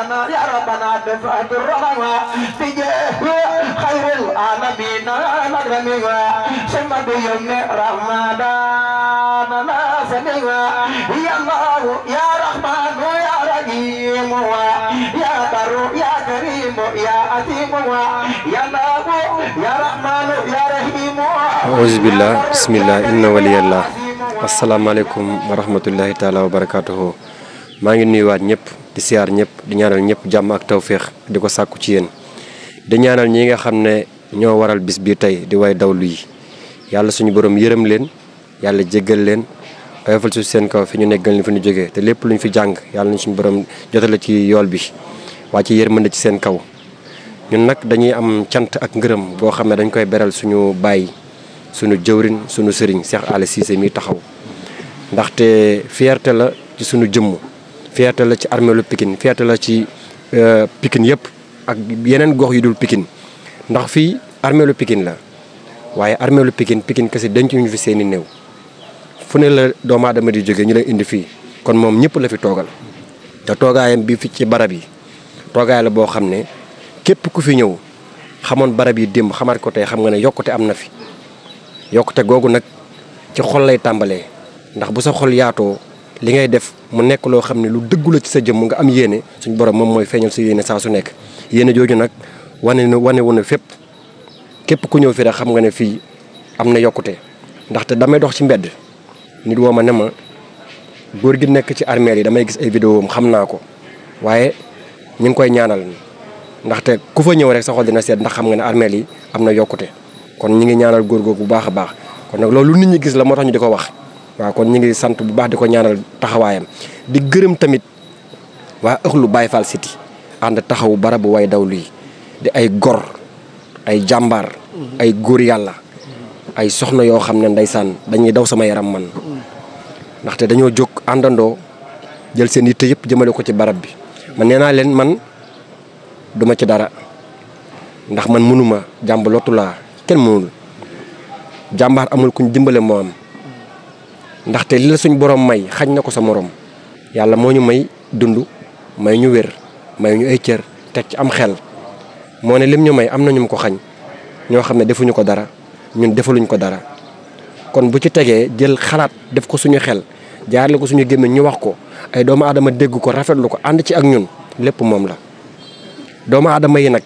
ربنا يا ربنا دفع الرحمة بجاه خير العالمين المدرمين ثم بيوم رمضان ناسمين يا الله يا رحمن يا رحيم يا بر يا كريم يا عظيم يا الله يا رحمن يا رحيم أعوذ بالله بسم الله إن ولي الله asalaamaaleykum wa rahmatullahi taala wa barakaatuhu maa ngi nuyuwaat ñëpp di siyaar ñëpp di ñaanal ñëpp jàmm ak tawféex di ko sàkku ci yéen di ñaanal ñi nga xam ne ñoo waral bis bi tey di way dawlu yi yàlla suñu borom yërëm leen yàlla jéggal leen oyofal suuf seen kaw fi ñu nekk gën ñu jógee te lépp lu ñu fi jàng yàlla suñu borom jotale ci yool bi waa ci yërmande ci seen kaw ñun nag dañuy am cant ak ngërëm boo xam ne dañ koy beral suñu baay suñu jëwrin suñu sëriñ Cheikh Alla Cissé mi taxaw ndaxte fierté la ci suñu jëmm fierté la ci armeelu pikin fierté la ci euh, Pikine yëpp ak yeneen gox yu dul pikin ndax fii armeelu Pikine la waaye armeelu Pikine Pikine kese ñu fi seeni néew fu ne la doomu aadama di jóge ñu leen indi fii kon moom ñëpp la fi toogal te toogaayam bi fi ci barab yi toogaay la boo xam ne képp ku fi ñëw xamoon barab yi démb xamaat ko tey xam nga ne yokkute am na fi yokkute googu nag ci xol lay tàmbalee ndax bu sa xol yaatoo li ngay def mu nekk loo xam ne lu dëggu la ci sa jëmm nga am yéene suñ borom moom mooy feeñal sa yéene saa su nekk yéene jooju nag wane na wane wu na fépp képp ku ñëw fi rek xam nga ne fii am na yokkute ndaxte damay dox ci mbedd nit woo ma ne ma góor gi nekk ci armeel yi damay gis ay vidéo am xam naa ko waaye ñu ngi koy ñaanal ndaxte ku fa ñëw rek dina seet ndax xam nga ne armeel yi am na yokkute kon ñi ngi ñaanal góor bu baax a baax kon nag loolu nit ñi gis la moo tax ñu di ko wax waa kon ñu ngi sant bu baax di ko ñaanal taxawaayam di gërëm tamit waa ëxlu Baye Fall City ànd taxawu barab bu way daw yi di ay gor ay jàmbaar mhm. ay góor yàlla ay soxna yoo xam ne ndeysaan dañuy daw sama yaram man mhm. ndaxte dañoo jóg àndandoo jël seen yitte yëpp jëmale ko ci barab bi man nee naa leen man duma ci dara ndax man mënuma jàmb lottu laa kenn mënul jàmbaar amul kuñ dimbale moo am ndaxte li la suñ borom may xañ na ko sa moroom yàlla moo ñu may dund may ñu wér may ñu ay cër teg ci am xel moo ne lim ñu may am na ñu ko xañ ñoo xam ne defuñu ko dara ñun defaluñ ko dara kon bu ci tegee jël xalaat def ko suñu xel jaarale ko suñu gémmiñ ñu wax ko ay doomu aadama dégg ko rafetlu ko ànd ci ak ñun lépp moom la doomu aadama yi nag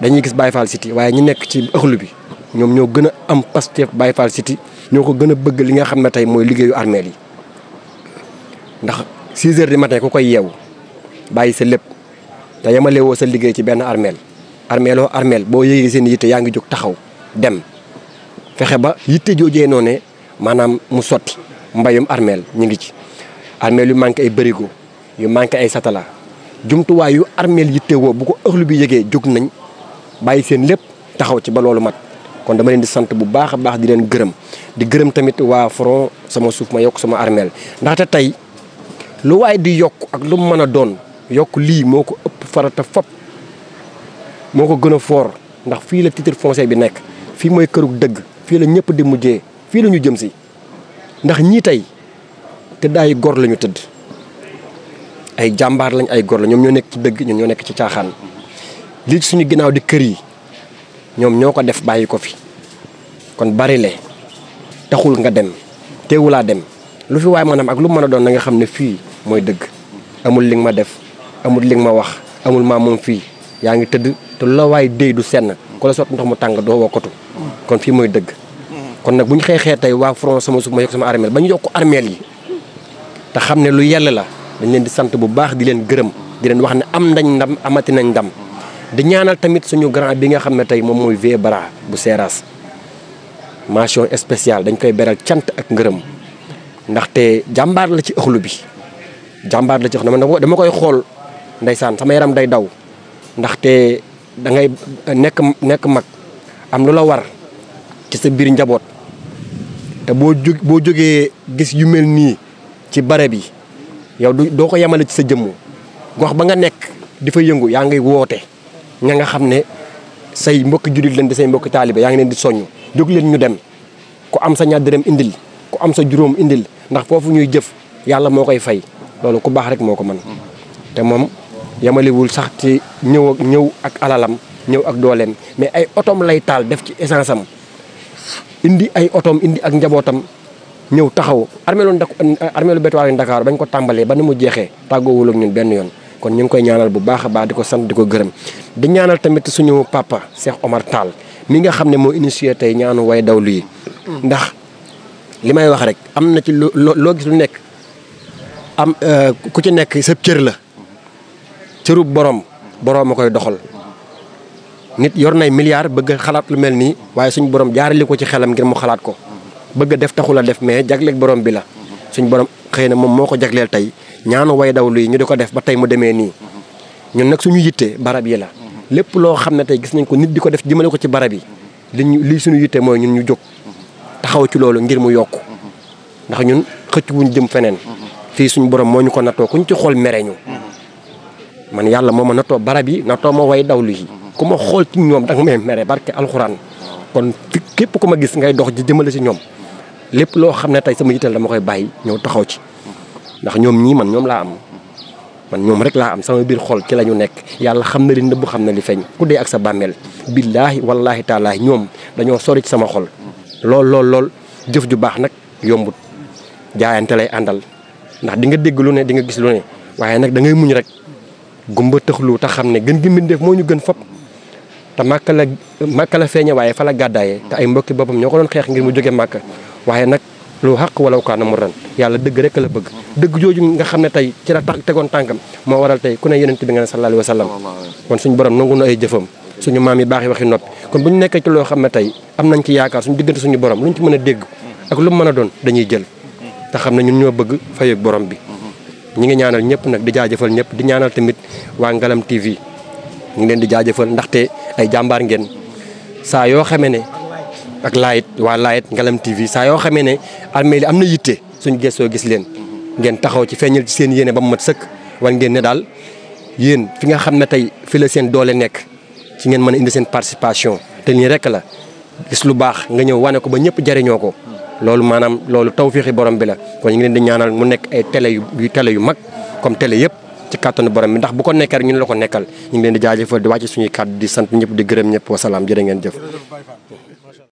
dañuy gis Baye Fall City waaye ñu nekk ci ëxlu bi ñoom ñoo gën a am Pastef Baye Fall City ñoo ko gën a bëgg li nga xam ne tey mooy liggéeyu armeel yi ndax 6 heures du matin ku koy yeewu bàyyi sa lépp te yemale woo sa liggéey ci benn armeel armeeloo armeel boo yëgee seen yitte yaa ngi jóg taxaw dem fexe ba yitte joojee noo ne maanaam mu sotti mbayum armeel ñu ngi ci armeel yu manqué ay bërigo yu manqué ay satala jumtuwaay yu armeel yitte woo bu ko ëxlu bi yëgee jóg nañ bàyyi seen lépp taxaw ci ba loolu mat kon dama leen di sant bu baax a baax di leen gërëm di gërëm tamit waa front sama suuf ma yokk sama armeel ndaxte tey lu waay di yokk ak lu mu mën a doon yokk lii moo ko ëpp farata fop moo ko gën a foor ndax fii la titre foncier bi nekk fii mooy kërug dëgg fii la ñëpp di mujjee fii la ñu jëm si ndax ñii tey tëddaayu gor lañu tëdd ay jàmbaar lañ ay gor la ñoom ñoo nekk ci dëgg ñoom ñoo nekk ci caaxaan lii suñu ginnaaw di kër yi ñoom ñoo ko def bàyyi ko fi kon bari le taxul nga dem teewulaa dem lu fi waay maanaam ak lu mën a doon na nga xam ne fii mooy dëgg amul li nga ma def amul li nga ma wax amul maa moom fii yaa ngi tëdd te lu la waaye déy du senn ku la sotti ndox mu tàng doo wokkatu kon fii mooy dëgg kon nag bu ñu xeexee tey waa front sama suuf ma yokk sama armeel ba ñu yokk armeel yi te xam ne lu yàlla la dañ leen di sant bu baax di leen gërëm di leen wax ne am nañ ndam amati nañ ndam di ñaanal tamit suñu grand bi nga xam ne tey moom mooy Vieux Bara bu Seras mention spéciale dañ koy beral cant ak ngërëm ndaxte jàmbaar la ci ëxlu bi jàmbaar la ci ëxlu man dama koy xool ndeysaan sama yaram day daw ndaxte da ngay nekk nekk mag am lu la war ci sa biir njaboot te boo jóg boo jógee gis yu mel nii ci bare bi yow du doo ko yemale ci sa jëmm gox ba nga nekk di fa yëngu yaa ngay woote ña nga xam ne say mbokki jullit leen di say mbokki taalibe yaa ngi leen di soññ jóg leen ñu dem ku am sa ñaar indil ku am sa juróom indil ndax foofu ñuy jëf yàlla moo koy fay loolu ku baax rek moo ko man te moom yamalewul sax ci ñëw ak ñëw ak alalam ñëw ak dooleem mais ay otoom lay taal def ci essence indi ay otoom indi ak njabootam ñëw taxaw armeelu armeelu Béthio Ndakaaru bañ ko tàmbalee ba nu mu jeexee tàggoowul ak ñun benn yoon kon ñu ngi koy ñaanal bu baax a baax di ko sant di ko gërëm di ñaanal tamit suñu papa Cheikh Omar Tall mi nga xam ne moo initié tey ñaanu way daw lii ndax li may wax rek am na ci loo loo gis lu nekk am ku ci nekk sa cër la cëru boroom boroom a koy doxal nit yor nay milliard bëgg xalaat lu mel nii waaye suñu borom jaarale ko ci xelam ngir mu xalaat ko bëgg def taxul a def mais jagleeg borom bi la. suñ borom xëy na moom moo ko jagleel tey ñaanu way daw luy ñu di ko def ba tey mu demee nii ñun nag suñu yitte barab yi la lépp loo xam ne tey gis nañ ko nit di ko def jëmale ko ci barab yi li ñu suñu yitte mooy ñun ñu jóg taxaw ci loolu ngir mu yokk ndax ñun xëcc wuñ jëm feneen fii suñu borom moo ñu ko nattoo ñu ci xool mere ñu man yàlla moo a nattoo barab yi nattoo ma way dawlu yi ku ma xool ci ñoom danga may mere barke alxuraan kon képp ku ma gis ngay dox ji jëmale si ñoom lépp loo xam ne tey sama yitteel dama koy bàyyi ñëw taxaw ci ndax ñoom ñii man ñoom laa am man ñoom rek laa am sama biir xol ci la ñu nekk yàlla xam na li nëbb xam ne li feeñ ku dee ak sa bàmmeel billaahi wallaahi taalaahi ñoom dañoo sori ci sama xol lool lool lool jëf ju baax nag yombut jaayante lay àndal ndax di nga dégg lu ne di nga gis lu ne waaye nag da ngay muñ rek gumba lu te xam ne gën gi mbindeef moo ñu gën fop te màkka la màkka la feeñe waaye fa la te ay mbokki boppam ñoo ko doon xeex ngir mu jóge màkka waaye nag lu xaq walaw kaana ran yàlla dëgg rek la bëgg dëgg jooju nga xam ne tey ci la tax tegoon tànkam moo waral tey ku ne yonent bi nga ne sallallahu alayhi wa sallam kon suñu borom nangu na ay jëfam suñu maam yi baax yi waxi noppi kon bu ñu nekkee ci loo xam ne tey am nañ ci yaakaar suñu diggante suñu borom lu ñu a dégg ak lu mu mën a doon dañuy jël te xam ne ñun ñoo bëgg fayeeg borom bi ñi ngi ñaanal ñëpp nag di jaajëfal ñëpp di ñaanal tamit waa Ngalam TV ñu ngi leen ndaxte ay jàmbaar ngeen saa yoo xamee ne ak laayit waa laayit Ngalam TV saa yoo xamee ne armée am na yitte suñ gëstoo gis leen ngeen taxaw ci feeñal ci seen yéene ba mu mat sëkk war ngeen ne daal yéen fi nga xam ne tey fi la seen doole nekk ci ngeen mën a indi seen participation te nii rek la gis lu baax nga ñëw wane ko ba ñëpp jariñoo ko loolu maanaam loolu tawféexi borom bi la kon ñu ngi leen di ñaanal mu nekk ay tele yu télé yu mag comme télé yëpp ci kàttanu borom bi ndax bu ko nekkee rek la ko nekkal ñu ngi leen di jaajëfal di wàcc suñuy di sant ñëpp di gërëm ñëpp wasalaam jërë ngeen jëf